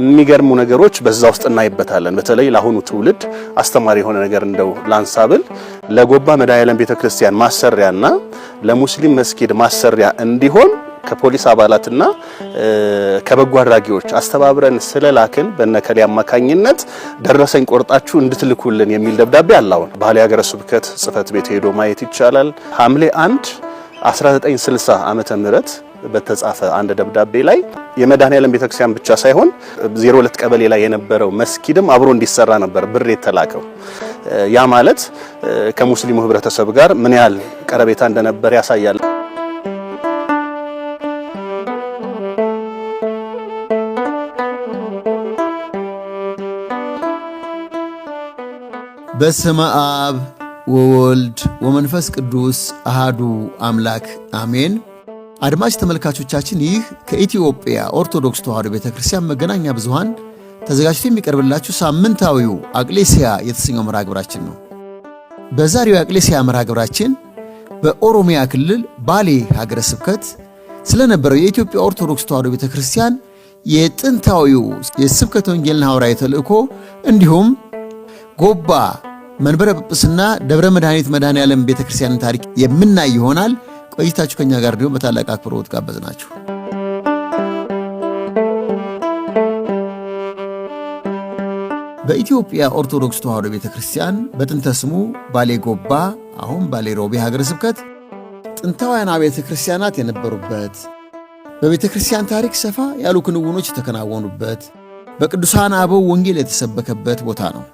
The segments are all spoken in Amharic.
የሚገርሙ ነገሮች በዛ ውስጥ እናይበታለን። በተለይ ለአሁኑ ትውልድ አስተማሪ የሆነ ነገር እንደው ላንሳብል ለጎባ መድኃኔዓለም ቤተክርስቲያን ማሰሪያና ለሙስሊም መስጊድ ማሰሪያ እንዲሆን ከፖሊስ አባላትና ከበጎ አድራጊዎች አስተባብረን ስለላክን በነከሌ አማካኝነት ደረሰኝ ቆርጣችሁ እንድትልኩልን የሚል ደብዳቤ አላውን ባህሌ ሀገረ ስብከት ጽፈት ቤት ሄዶ ማየት ይቻላል። ሐምሌ 1 1960 ዓመተ ምህረት በተጻፈ አንድ ደብዳቤ ላይ የመድኃኔዓለም ቤተክርስቲያን ብቻ ሳይሆን 02 ቀበሌ ላይ የነበረው መስጊድም አብሮ እንዲሰራ ነበር ብር የተላከው። ያ ማለት ከሙስሊሙ ህብረተሰብ ጋር ምን ያህል ቀረቤታ እንደነበር ያሳያል። በስመ አብ ወወልድ ወመንፈስ ቅዱስ አሃዱ አምላክ አሜን። አድማጭ ተመልካቾቻችን ይህ ከኢትዮጵያ ኦርቶዶክስ ተዋሕዶ ቤተ ክርስቲያን መገናኛ ብዙኃን ተዘጋጅቶ የሚቀርብላችሁ ሳምንታዊው አቅሌስያ የተሰኘው መርሃ ግብራችን ነው። በዛሬው የአቅሌሲያ መርሃ ግብራችን በኦሮሚያ ክልል ባሌ ሀገረ ስብከት ስለነበረው የኢትዮጵያ ኦርቶዶክስ ተዋሕዶ ቤተ ክርስቲያን የጥንታዊው የስብከት ወንጌልና ሐዋርያዊ ተልእኮ እንዲሁም ጎባ መንበረ ጵጵስና ደብረ መድኃኒት መድኃኔ ዓለም ቤተ ክርስቲያንን ታሪክ የምናይ ይሆናል። ቆይታችሁ ከኛ ጋር ዲሆን በታላቅ አክብሮት ጋበዝናችሁ። በኢትዮጵያ ኦርቶዶክስ ተዋሕዶ ቤተ ክርስቲያን በጥንተ ስሙ ባሌ ጎባ አሁን ባሌ ሮቤ ሀገረ ስብከት ጥንታውያን አብያተ ክርስቲያናት የነበሩበት በቤተ ክርስቲያን ታሪክ ሰፋ ያሉ ክንውኖች የተከናወኑበት በቅዱሳን አበው ወንጌል የተሰበከበት ቦታ ነው።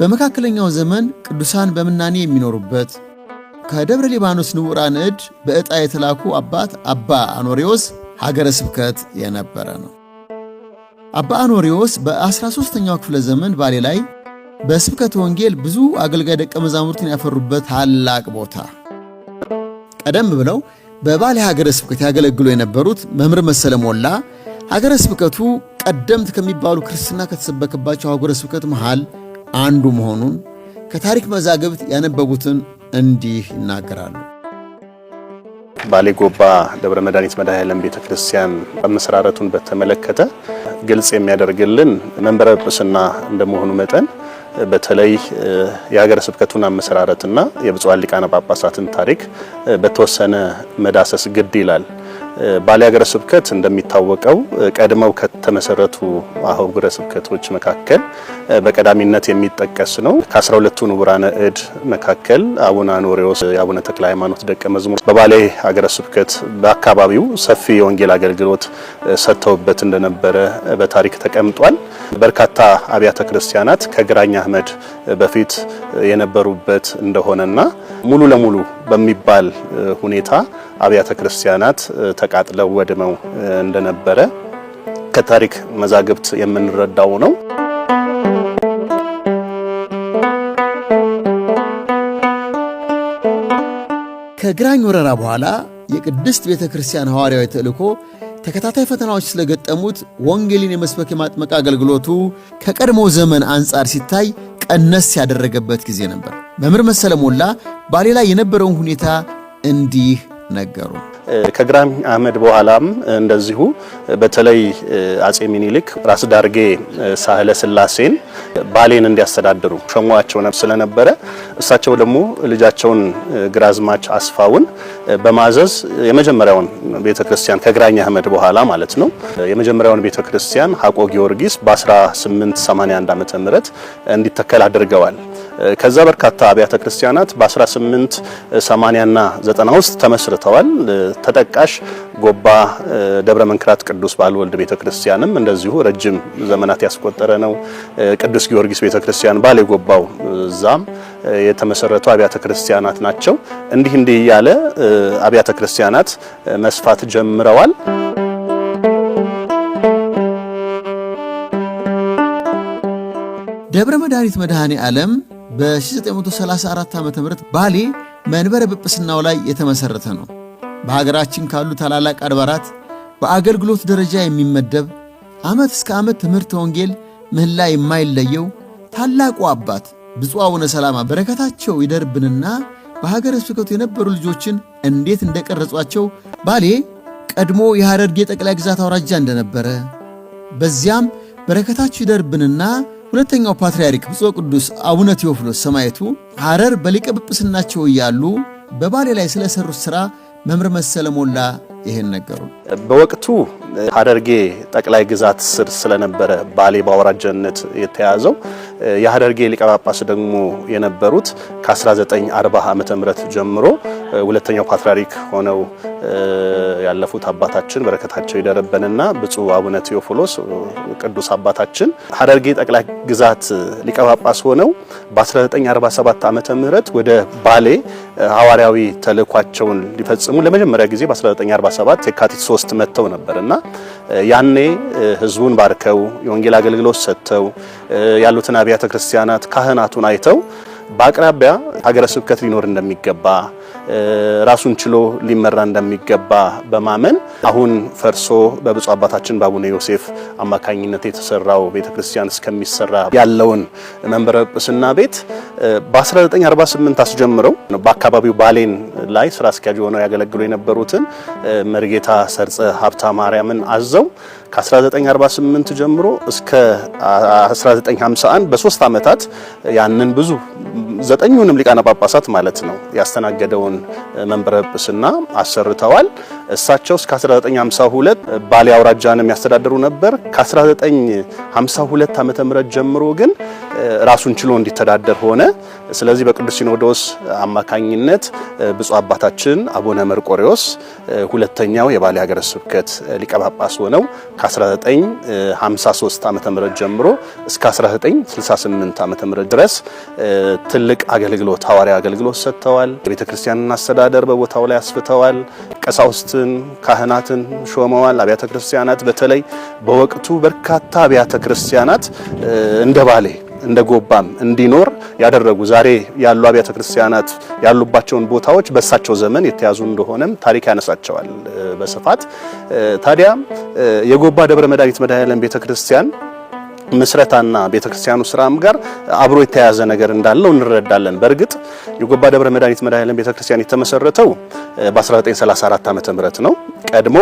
በመካከለኛው ዘመን ቅዱሳን በምናኔ የሚኖሩበት ከደብረ ሊባኖስ ንውራን እድ በዕጣ የተላኩ አባት አባ አኖሪዎስ ሀገረ ስብከት የነበረ ነው። አባ አኖሪዎስ በ13ኛው ክፍለ ዘመን ባሌ ላይ በስብከት ወንጌል ብዙ አገልጋይ ደቀ መዛሙርትን ያፈሩበት ታላቅ ቦታ ቀደም ብለው በባሌ ሀገረ ስብከት ያገለግሉ የነበሩት መምህር መሰለ ሞላ ሀገረ ስብከቱ ቀደምት ከሚባሉ ክርስትና ከተሰበከባቸው ሀገረ ስብከት መሃል አንዱ መሆኑን ከታሪክ መዛግብት ያነበቡትን እንዲህ ይናገራሉ። ባሌ ጎባ ደብረ መድኃኒት መድኃኔዓለም ቤተ ክርስቲያን አመሰራረቱን በተመለከተ ግልጽ የሚያደርግልን መንበረ ጵጵስና እንደመሆኑ መጠን በተለይ የሀገረ ስብከቱን አመሰራረትና የብፁዓን ሊቃነ ጳጳሳትን ታሪክ በተወሰነ መዳሰስ ግድ ይላል። ባሌ ሀገረ ስብከት እንደሚታወቀው ቀድመው ከተመሰረቱ አህጉረ ስብከቶች መካከል በቀዳሚነት የሚጠቀስ ነው። ከ12ቱ ንቡራነ እድ መካከል አቡነ አኖሬዎስ የአቡነ ተክለ ሃይማኖት ደቀ መዝሙር በባሌ ሀገረ ስብከት በአካባቢው ሰፊ የወንጌል አገልግሎት ሰጥተውበት እንደነበረ በታሪክ ተቀምጧል። በርካታ አብያተ ክርስቲያናት ከግራኝ አህመድ በፊት የነበሩበት እንደሆነና ሙሉ ለሙሉ በሚባል ሁኔታ አብያተ ክርስቲያናት ተቃጥለው ወድመው እንደነበረ ከታሪክ መዛግብት የምንረዳው ነው። ከግራኝ ወረራ በኋላ የቅድስት ቤተ ክርስቲያን ሐዋርያዊ ተልእኮ ተከታታይ ፈተናዎች ስለገጠሙት ወንጌልን የመስበክ የማጥመቅ አገልግሎቱ ከቀድሞ ዘመን አንጻር ሲታይ ቀነስ ያደረገበት ጊዜ ነበር። መምህር መሰለ ሞላ ባሌ ላይ የነበረውን ሁኔታ እንዲህ ነገሩ። ከግራኝ አህመድ በኋላም እንደዚሁ በተለይ አጼ ሚኒሊክ ራስ ዳርጌ ሳህለ ስላሴን ባሌን እንዲያስተዳድሩ ሸሟቸው ስለነበረ እሳቸው ደግሞ ልጃቸውን ግራዝማች አስፋውን በማዘዝ የመጀመሪያውን ቤተክርስቲያን ከግራኝ አህመድ በኋላ ማለት ነው የመጀመሪያውን ቤተክርስቲያን ሀቆ ጊዮርጊስ በ1881 ዓ ም እንዲተከል አድርገዋል። ከዛ በርካታ አብያተ ክርስቲያናት በ1880ና 90 ውስጥ ተመስርተዋል። ተጠቃሽ ጎባ ደብረ መንክራት ቅዱስ ባልወልድ ቤተክርስቲያንም እንደዚሁ ረጅም ዘመናት ያስቆጠረ ነው። ቅዱስ ጊዮርጊስ ክርስቲያን ባሌ ጎባው እዛም የተመሰረቱ አብያተ ክርስቲያናት ናቸው። እንዲህ እንዲህ እያለ አብያተ ክርስቲያናት መስፋት ጀምረዋል። ደብረ መድኃኒት መድኃኔ ዓለም በ1934 ዓ ም ባሌ መንበረ ጵጵስናው ላይ የተመሠረተ ነው። በሀገራችን ካሉ ታላላቅ አድባራት በአገልግሎት ደረጃ የሚመደብ ዓመት እስከ ዓመት ትምህርት ወንጌል ምህላ የማይለየው ታላቁ አባት ብፁዕ አቡነ ሰላማ በረከታቸው ይደርብንና በሀገረ ስብከቱ የነበሩ ልጆችን እንዴት እንደቀረጿቸው ባሌ ቀድሞ የሐረርጌ ጠቅላይ ግዛት አውራጃ እንደነበረ በዚያም በረከታችሁ ይደርብንና ሁለተኛው ፓትርያርክ ብፁዕ ቅዱስ አቡነ ቴዎፍሎስ ሰማዕቱ ሐረር በሊቀ ጵጵስናቸው እያሉ በባሌ ላይ ስለሰሩት ሥራ መምህር መሰለ ሞላ ይህን ነገሩ በወቅቱ ሀደርጌ ጠቅላይ ግዛት ስር ስለነበረ ባሌ በአውራጃነት የተያዘው የሀደርጌ ሊቀጳጳስ ደግሞ የነበሩት ከ1940 ዓ ም ጀምሮ ሁለተኛው ፓትርያርክ ሆነው ያለፉት አባታችን በረከታቸው ይደረበንና ብፁዕ አቡነ ቴዎፍሎስ ቅዱስ አባታችን ሀደርጌ ጠቅላይ ግዛት ሊቀጳጳስ ሆነው በ1947 ዓ ም ወደ ባሌ ሐዋርያዊ ተልእኳቸውን ሊፈጽሙ ለመጀመሪያ ጊዜ በ1947 2017 የካቲት 3 መጥተው ነበር እና ያኔ ህዝቡን ባርከው የወንጌል አገልግሎት ሰጥተው ያሉትን አብያተ ክርስቲያናት ካህናቱን አይተው በአቅራቢያ ሀገረ ስብከት ሊኖር እንደሚገባ ራሱን ችሎ ሊመራ እንደሚገባ በማመን አሁን ፈርሶ በብፁዕ አባታችን በአቡነ ዮሴፍ አማካኝነት የተሰራው ቤተክርስቲያን እስከሚሰራ ያለውን መንበረ ጵጵስና ቤት በ1948 አስጀምረው በአካባቢው ባሌን ላይ ስራ አስኪያጅ ሆነው ያገለግሉ የነበሩትን መርጌታ ሰርጸ ሀብታ ማርያምን አዘው ከ1948 ጀምሮ እስከ 1951 በሶስት ዓመታት ያንን ብዙ ዘጠኙንም ሊቃነ ጳጳሳት ማለት ነው ያስተናገደውን መንበረ ጵጵስና አሰርተዋል። እሳቸው እስከ 1952 ባሌ አውራጃንም ያስተዳድሩ ነበር። ከ1952 ዓ.ም ጀምሮ ግን ራሱን ችሎ እንዲተዳደር ሆነ። ስለዚህ በቅዱስ ሲኖዶስ አማካኝነት ብፁዕ አባታችን አቡነ መርቆሪዎስ ሁለተኛው የባሌ ሀገረ ስብከት ሊቀ ጳጳስ ሆነው ከ1953 ዓ ም ጀምሮ እስከ 1968 ዓ ም ድረስ ትልቅ አገልግሎት ሐዋርያ አገልግሎት ሰጥተዋል። የቤተ ክርስቲያንን አስተዳደር በቦታው ላይ አስፍተዋል። ቀሳውስትን፣ ካህናትን ሾመዋል። አብያተ ክርስቲያናት በተለይ በወቅቱ በርካታ አብያተ ክርስቲያናት እንደ ባሌ እንደ ጎባም እንዲኖር ያደረጉ ዛሬ ያሉ አብያተ ክርስቲያናት ያሉባቸውን ቦታዎች በእሳቸው ዘመን የተያዙ እንደሆነም ታሪክ ያነሳቸዋል በስፋት። ታዲያ የጎባ ደብረ መድኃኒት መድኃኔዓለም ቤተ ክርስቲያን ምስረታና ቤተክርስቲያኑ ስራም ጋር አብሮ የተያያዘ ነገር እንዳለው እንረዳለን። በእርግጥ የጎባ ደብረ መድኃኒት መድኃኔዓለም ቤተክርስቲያን የተመሰረተው በ1934 ዓ ም ነው ቀድሞ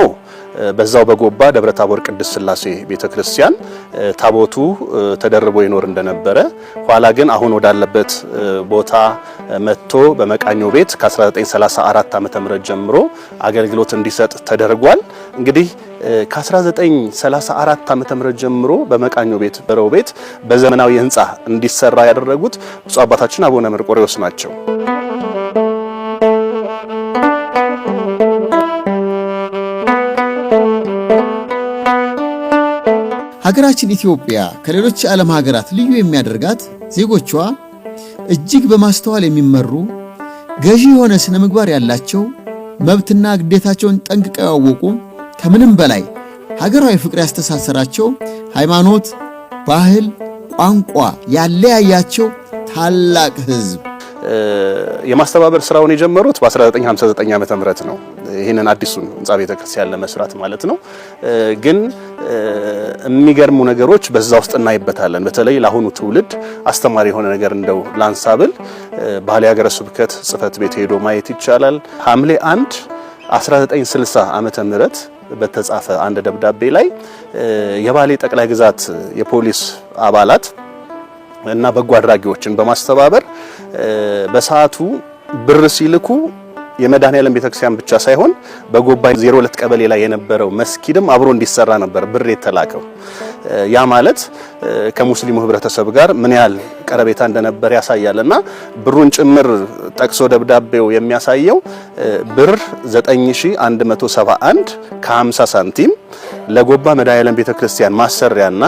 በዛው በጎባ ደብረ ታቦር ቅድስት ሥላሴ ቤተክርስቲያን ታቦቱ ተደርቦ ይኖር እንደነበረ ኋላ ግን አሁን ወዳለበት ቦታ መጥቶ በመቃኞ ቤት ከ1934 ዓ.ም ጀምሮ አገልግሎት እንዲሰጥ ተደርጓል። እንግዲህ ከ1934 ዓ.ም ጀምሮ በመቃኞ ቤት በረው ቤት በዘመናዊ ህንፃ እንዲሰራ ያደረጉት ብፁዕ አባታችን አቡነ መርቆሪዎስ ናቸው። ሀገራችን ኢትዮጵያ ከሌሎች የዓለም ሀገራት ልዩ የሚያደርጋት ዜጎቿ እጅግ በማስተዋል የሚመሩ ገዢ የሆነ ስነ ምግባር ያላቸው መብትና ግዴታቸውን ጠንቅቀው ያወቁ ከምንም በላይ ሀገራዊ ፍቅር ያስተሳሰራቸው ሃይማኖት፣ ባህል፣ ቋንቋ ያለያያቸው ታላቅ ህዝብ የማስተባበር ስራውን የጀመሩት በ1959 ም ነው። ይህንን አዲሱን ህንፃ ቤተክርስቲያን ለመስራት ማለት ነው። ግን የሚገርሙ ነገሮች በዛ ውስጥ እናይበታለን። በተለይ ለአሁኑ ትውልድ አስተማሪ የሆነ ነገር እንደው ላንሳብል ባህሌ ሀገረ ስብከት ጽሕፈት ቤት ሄዶ ማየት ይቻላል። ሐምሌ 1 1960 ዓመተ ምህረት በተጻፈ አንድ ደብዳቤ ላይ የባሌ ጠቅላይ ግዛት የፖሊስ አባላት እና በጎ አድራጊዎችን በማስተባበር በሰዓቱ ብር ሲልኩ የመድኃኔዓለም ቤተክርስቲያን ብቻ ሳይሆን በጎባ 02 ቀበሌ ላይ የነበረው መስጊድም አብሮ እንዲሰራ ነበር ብር የተላከው። ያ ማለት ከሙስሊሙ ህብረተሰብ ጋር ምን ያህል ቀረቤታ እንደነበር ያሳያል። እና ብሩን ጭምር ጠቅሶ ደብዳቤው የሚያሳየው ብር 9171 ከ50 ሳንቲም ለጎባ መድኃኔዓለም ቤተክርስቲያን ማሰሪያና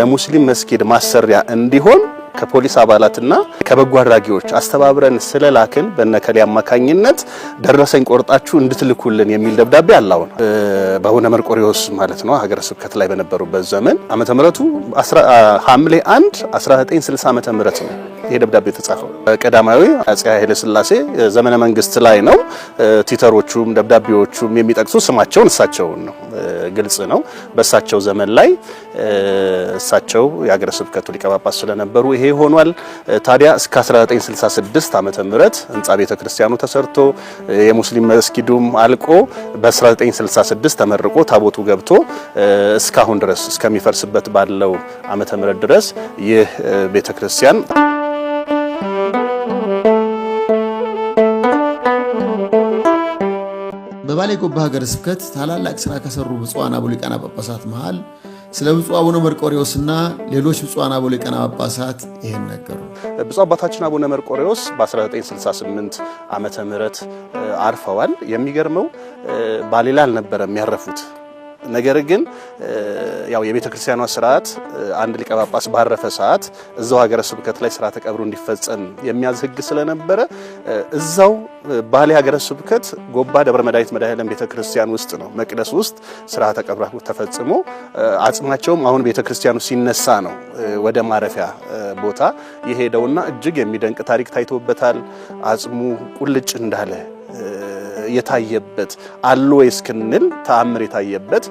ለሙስሊም መስጊድ ማሰሪያ እንዲሆን ከፖሊስ አባላትና ከበጎ አድራጊዎች አስተባብረን ስለላክን በነከሌ አማካኝነት ደረሰኝ ቆርጣችሁ እንድትልኩልን የሚል ደብዳቤ ነው በሆነ መርቆሪዎስ ማለት ነው ሀገረ ስብከት ላይ በነበሩበት ዘመን ዓመተ ምሕረቱ ሐምሌ 1 1960 ዓመተ ምሕረት ነው ይሄ ደብዳቤ የተጻፈው። ቀዳማዊ አጼ ኃይለ ሥላሴ ዘመነ መንግስት ላይ ነው። ቲተሮቹም ደብዳቤዎቹም የሚጠቅሱ ስማቸውን እሳቸውን ነው። ግልጽ ነው። በእሳቸው ዘመን ላይ እሳቸው የሀገረ ስብከቱ ሊቀ ጳጳስ ስለነበሩ ይሄ ሆኗል። ታዲያ እስከ 1966 ዓ ምህረት ህንፃ ቤተ ክርስቲያኑ ተሰርቶ የሙስሊም መስጊዱም አልቆ በ1966 ተመርቆ ታቦቱ ገብቶ እስካሁን ድረስ እስከሚፈርስበት ባለው ዓመተ ምህረት ድረስ ይህ ቤተ ክርስቲያን በባሌ ጎባ ሀገረ ስብከት ታላላቅ ሥራ ከሠሩ ብፁዓን አበው ሊቃነ ጳጳሳት መሃል ስለ ብፁዕ አቡነ መርቆሬዎስና ሌሎች ብፁዓን አበው ሊቃነ ጳጳሳት ይህን ነገሩ። ብፁዕ አባታችን አቡነ መርቆሬዎስ በ1968 ዓመተ ምህረት አርፈዋል። የሚገርመው ባሌላ አልነበረም ያረፉት ነገር ግን ያው የቤተ ክርስቲያኗ ስርዓት አንድ ሊቀ ጳጳስ ባረፈ ሰዓት እዛው ሀገረ ስብከት ላይ ስርዓተ ቀብሩ እንዲፈጸም የሚያዝ ህግ ስለነበረ እዛው ባሌ ሀገረ ስብከት ጎባ ደብረ መድኃኒት መድኃኔዓለም ቤተ ክርስቲያን ውስጥ ነው መቅደስ ውስጥ ስርዓተ ቀብሩ ተፈጽሞ አጽማቸውም አሁን ቤተ ክርስቲያኑ ሲነሳ ነው ወደ ማረፊያ ቦታ የሄደውና እጅግ የሚደንቅ ታሪክ ታይቶበታል። አጽሙ ቁልጭ እንዳለ የታየበት አሉ ወይ እስክንል ተአምር የታየበት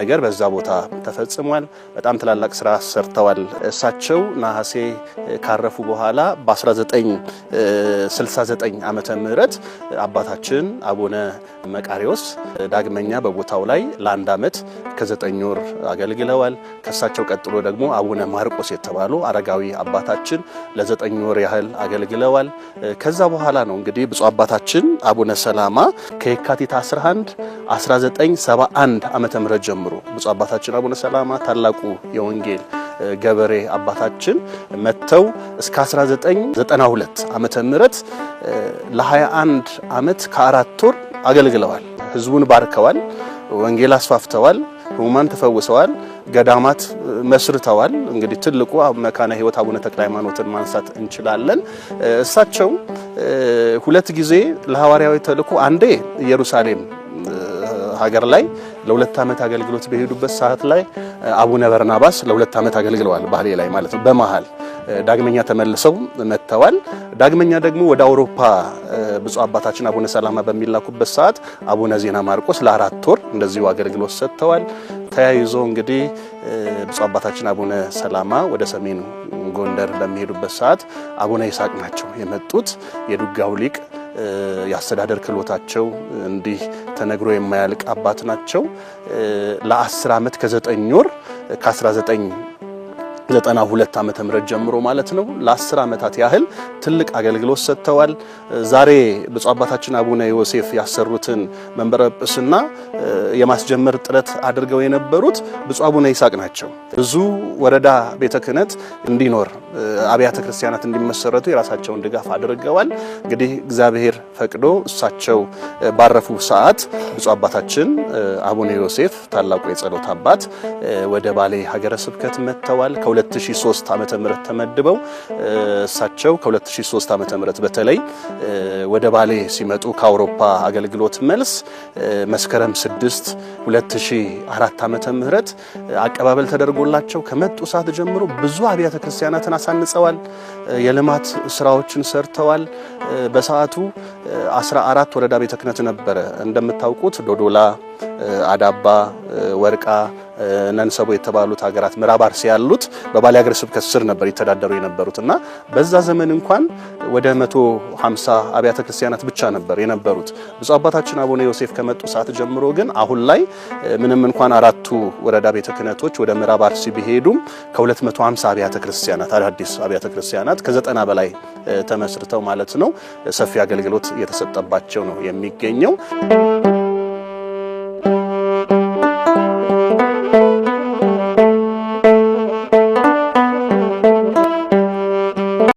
ነገር በዛ ቦታ ተፈጽሟል። በጣም ትላላቅ ስራ ሰርተዋል። እሳቸው ነሐሴ ካረፉ በኋላ በ1969 ዓመተ ምህረት አባታችን አቡነ መቃሪዎስ ዳግመኛ በቦታው ላይ ለአንድ ዓመት ከዘጠኝ ወር አገልግለዋል። ከእሳቸው ቀጥሎ ደግሞ አቡነ ማርቆስ የተባሉ አረጋዊ አባታችን ለዘጠኝ ወር ያህል አገልግለዋል። ከዛ በኋላ ነው እንግዲህ ብፁዕ አባታችን አቡነ ሰላማ ከየካቲት 11 1971 ዓ ም ጀምሮ ብፁ አባታችን አቡነ ሰላማ ታላቁ የወንጌል ገበሬ አባታችን መጥተው እስከ 1992 ዓ ም ለ21 ዓመት ከአራት ወር አገልግለዋል። ህዝቡን ባርከዋል። ወንጌል አስፋፍተዋል። ህሙማን ተፈውሰዋል፣ ገዳማት መስርተዋል። እንግዲህ ትልቁ መካነ ህይወት አቡነ ተክለ ሃይማኖትን ማንሳት እንችላለን። እሳቸው ሁለት ጊዜ ለሐዋርያዊ ተልእኮ አንዴ ኢየሩሳሌም ሀገር ላይ ለሁለት ዓመት አገልግሎት በሄዱበት ሰዓት ላይ አቡነ በርናባስ ለሁለት ዓመት አገልግለዋል፣ ባህሌ ላይ ማለት ነው በመሃል ዳግመኛ ተመልሰው መጥተዋል። ዳግመኛ ደግሞ ወደ አውሮፓ ብፁዕ አባታችን አቡነ ሰላማ በሚላኩበት ሰዓት አቡነ ዜና ማርቆስ ለአራት ወር እንደዚሁ አገልግሎት ሰጥተዋል። ተያይዞ እንግዲህ ብፁዕ አባታችን አቡነ ሰላማ ወደ ሰሜን ጎንደር በሚሄዱበት ሰዓት አቡነ ይስሐቅ ናቸው የመጡት የዱጋው ሊቅ የአስተዳደር ክህሎታቸው እንዲህ ተነግሮ የማያልቅ አባት ናቸው። ለአስር ዓመት ከዘጠኝ ወር ከ19 92 ዓመተ ምህረት ጀምሮ ማለት ነው ለ10 ዓመታት ያህል ትልቅ አገልግሎት ሰጥተዋል። ዛሬ ብፁዕ አባታችን አቡነ ዮሴፍ ያሰሩትን መንበረ ጵጵስና የማስጀመር ጥረት አድርገው የነበሩት ብፁዕ አቡነ ይስሐቅ ናቸው። ብዙ ወረዳ ቤተ ክህነት እንዲኖር አብያተ ክርስቲያናት እንዲመሰረቱ የራሳቸውን ድጋፍ አድርገዋል። እንግዲህ እግዚአብሔር ፈቅዶ እሳቸው ባረፉ ሰዓት ብፁዕ አባታችን አቡነ ዮሴፍ ታላቁ የጸሎት አባት ወደ ባሌ ሀገረ ስብከት መጥተዋል። ከ2003 ተመድበው እሳቸው ከ2003 ዓመተ ምህረት በተለይ ወደ ባሌ ሲመጡ ከአውሮፓ አገልግሎት መልስ መስከረም 6 2004 ዓመተ ምህረት አቀባበል ተደርጎላቸው ከመጡ ሰዓት ጀምሮ ብዙ አብያተ ክርስቲያናትን አሳንጸዋል። የልማት ስራዎችን ሰርተዋል። በሰዓቱ 14 ወረዳ ቤተ ክህነት ነበረ። እንደምታውቁት ዶዶላ፣ አዳባ፣ ወርቃ ነንሰቦ የተባሉት ሀገራት ምዕራብ አርሲ ያሉት በባሌ ሀገረ ስብከት ስር ነበር የተዳደሩ የነበሩት እና በዛ ዘመን እንኳን ወደ 150 አብያተ ክርስቲያናት ብቻ ነበር የነበሩት። ብፁዕ አባታችን አቡነ ዮሴፍ ከመጡ ሰዓት ጀምሮ ግን አሁን ላይ ምንም እንኳን አራቱ ወረዳ ቤተ ክህነቶች ወደ ምዕራብ አርሲ ቢሄዱም ከ250 አብያተ ክርስቲያናት አዳዲስ አብያተ ክርስቲያናት ከዘጠና በላይ ተመስርተው ማለት ነው ሰፊ አገልግሎት እየተሰጠባቸው ነው የሚገኘው።